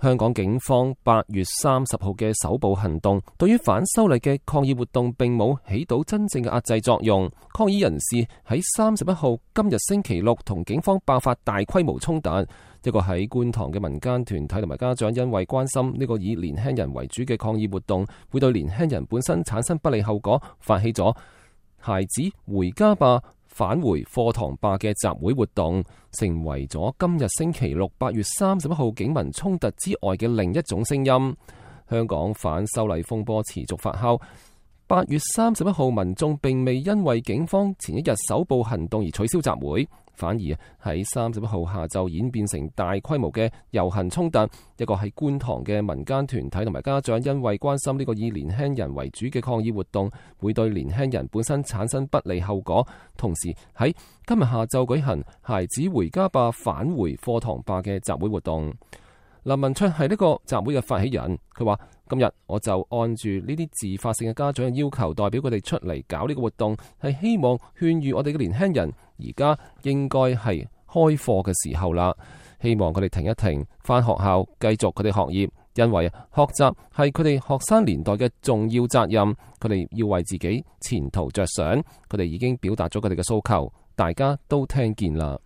香港警方八月三十號嘅首部行動，對於反修例嘅抗議活動，並冇起到真正嘅壓制作用。抗議人士喺三十一號今日星期六同警方爆發大規模衝突，一個喺觀塘嘅民間團體同埋家長，因為關心呢個以年輕人為主嘅抗議活動會對年輕人本身產生不利後果，發起咗孩子回家吧。返回課堂霸嘅集會活動，成為咗今日星期六八月三十一號警民衝突之外嘅另一種聲音。香港反修例風波持續發酵，八月三十一號民眾並未因為警方前一日首部行動而取消集會。反而喺三十一號下晝演變成大規模嘅遊行衝突，一個係觀塘嘅民間團體同埋家長，因為關心呢個以年輕人為主嘅抗議活動會對年輕人本身產生不利後果，同時喺今日下晝舉行孩子回家吧、返回課堂吧嘅集會活動。林文卓係呢個集會嘅發起人，佢話：今日我就按住呢啲自發性嘅家長嘅要求，代表佢哋出嚟搞呢個活動，係希望勸喻我哋嘅年輕人，而家應該係開課嘅時候啦。希望佢哋停一停，返學校繼續佢哋學業，因為學習係佢哋學生年代嘅重要責任，佢哋要為自己前途着想。佢哋已經表達咗佢哋嘅訴求，大家都聽見啦。